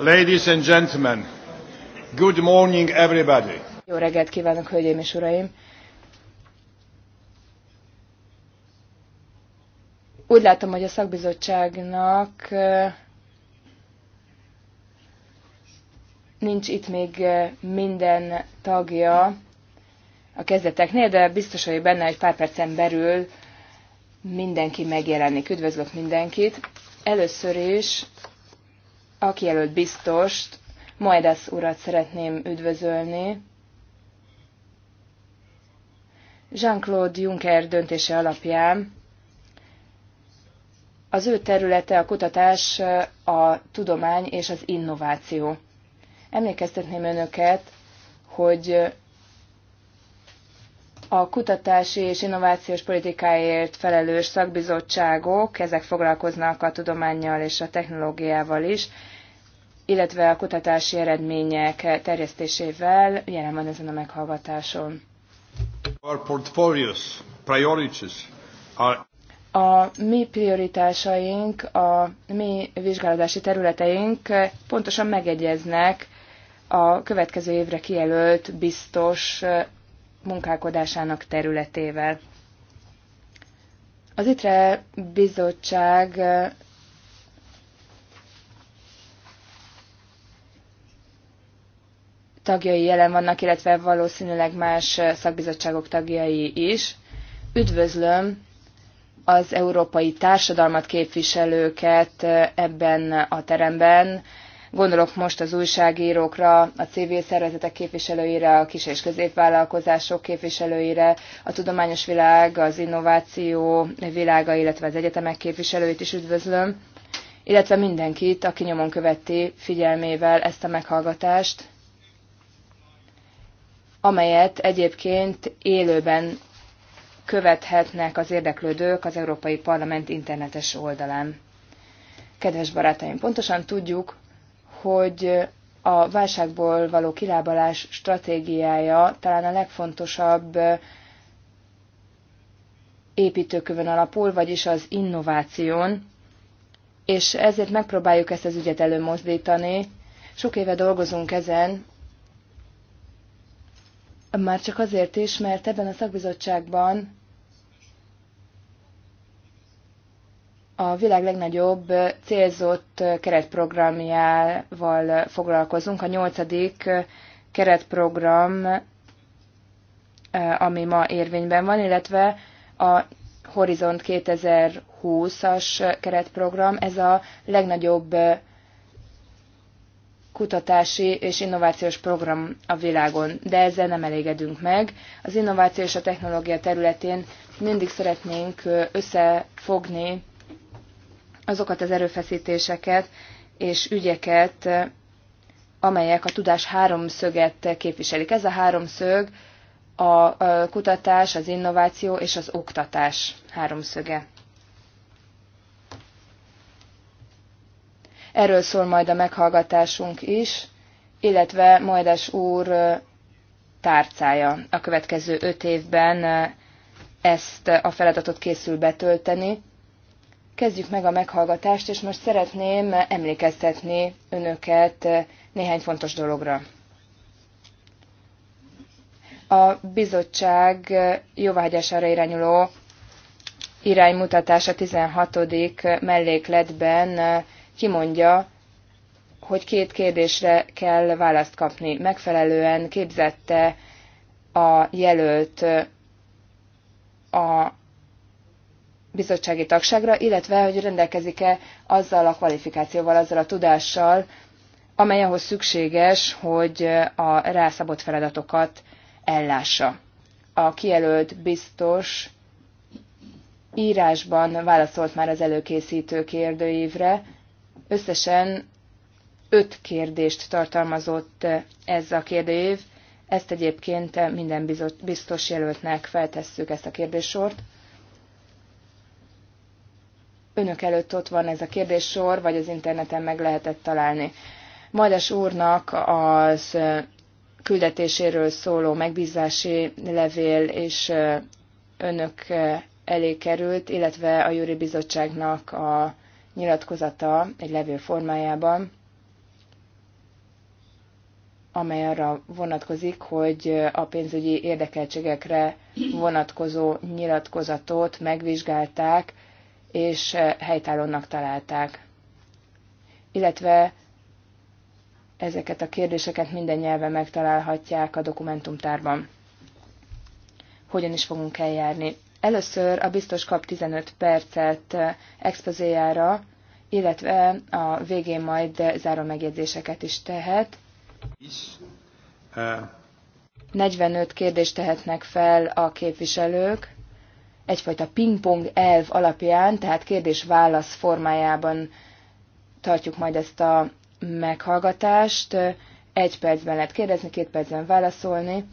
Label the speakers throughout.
Speaker 1: Ladies and gentlemen, good morning everybody. Jó reggelt kívánok, hölgyeim és uraim! Úgy látom, hogy a szakbizottságnak nincs itt még minden tagja a kezdeteknél, de biztos vagyok benne, hogy pár percen belül mindenki megjelenik. Üdvözlök mindenkit! Először is a kijelölt biztost, Moedas urat szeretném üdvözölni. Jean-Claude Juncker döntése alapján az ő területe a kutatás, a tudomány és az innováció. Emlékeztetném önöket, hogy a kutatási és innovációs politikáért felelős szakbizottságok, ezek foglalkoznak a tudományjal és a technológiával is, illetve a kutatási eredmények terjesztésével jelen van ezen a meghallgatáson. A mi prioritásaink, a mi vizsgálódási területeink pontosan megegyeznek a következő évre kijelölt biztos munkálkodásának területével. Az ITRE bizottság tagjai jelen vannak, illetve valószínűleg más szakbizottságok tagjai is. Üdvözlöm az európai társadalmat képviselőket ebben a teremben, Gondolok most az újságírókra, a civil szervezetek képviselőire, a kis- és középvállalkozások képviselőire, a tudományos világ, az innováció világa, illetve az egyetemek képviselőit is üdvözlöm, illetve mindenkit, aki nyomon követi figyelmével ezt a meghallgatást, amelyet egyébként élőben követhetnek az érdeklődők az Európai Parlament internetes oldalán. Kedves barátaim, pontosan tudjuk, hogy a válságból való kilábalás stratégiája talán a legfontosabb építőkövön alapul, vagyis az innováción, és ezért megpróbáljuk ezt az ügyet előmozdítani. Sok éve dolgozunk ezen, már csak azért is, mert ebben a szakbizottságban a világ legnagyobb célzott keretprogramjával foglalkozunk. A nyolcadik keretprogram, eh, ami ma érvényben van, illetve a Horizont 2020-as keretprogram, ez a legnagyobb eh, kutatási és innovációs program a világon, de ezzel nem elégedünk meg. Az innováció és a technológia területén mindig szeretnénk eh, összefogni azokat az erőfeszítéseket és ügyeket, amelyek a tudás háromszöget képviselik. Ez a háromszög a kutatás, az innováció és az oktatás háromszöge. Erről szól majd a meghallgatásunk is, illetve Majdás úr tárcája a következő öt évben ezt a feladatot készül betölteni. Kezdjük meg a meghallgatást, és most szeretném emlékeztetni önöket néhány fontos dologra. A bizottság jóváhagyására irányuló iránymutatása 16. mellékletben kimondja, hogy két kérdésre kell választ kapni. Megfelelően képzette a jelölt a bizottsági tagságra, illetve hogy rendelkezik-e azzal a kvalifikációval, azzal a tudással, amely ahhoz szükséges, hogy a rászabott feladatokat ellássa. A kijelölt biztos írásban válaszolt már az előkészítő kérdőívre. Összesen öt kérdést tartalmazott ez a kérdőív. Ezt egyébként minden biztos jelöltnek feltesszük ezt a kérdéssort önök előtt ott van ez a kérdéssor, vagy az interneten meg lehetett találni. Majdas úrnak az küldetéséről szóló megbízási levél és önök elé került, illetve a Júri Bizottságnak a nyilatkozata egy levél formájában, amely arra vonatkozik, hogy a pénzügyi érdekeltségekre vonatkozó nyilatkozatot megvizsgálták, és eh, helytállónak találták. Illetve ezeket a kérdéseket minden nyelven megtalálhatják a dokumentumtárban. Hogyan is fogunk eljárni? Először a biztos kap 15 percet eh, expozéjára, illetve a végén majd eh, záró megjegyzéseket is tehet. 45 kérdést tehetnek fel a képviselők, egyfajta pingpong elv alapján, tehát kérdés-válasz formájában tartjuk majd ezt a meghallgatást. Egy percben lehet kérdezni, két percben válaszolni.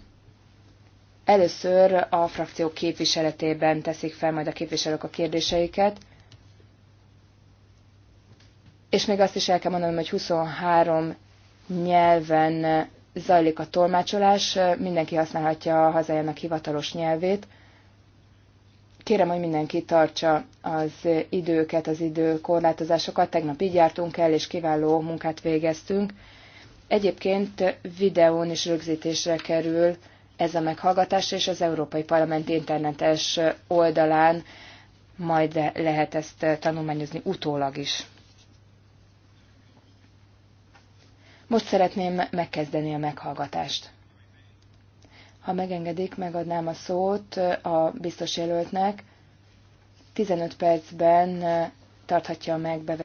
Speaker 1: Először a frakció képviseletében teszik fel majd a képviselők a kérdéseiket. És még azt is el kell mondanom, hogy 23 nyelven zajlik a tolmácsolás, mindenki használhatja a hazájának hivatalos nyelvét. Kérem, hogy mindenki tartsa az időket, az időkorlátozásokat. Tegnap így jártunk el, és kiváló munkát végeztünk. Egyébként videón is rögzítésre kerül ez a meghallgatás, és az Európai Parlament internetes oldalán majd lehet ezt tanulmányozni utólag is. Most szeretném megkezdeni a meghallgatást. Ha megengedik, megadnám a szót a biztos jelöltnek. 15 percben tarthatja meg bevezetőt.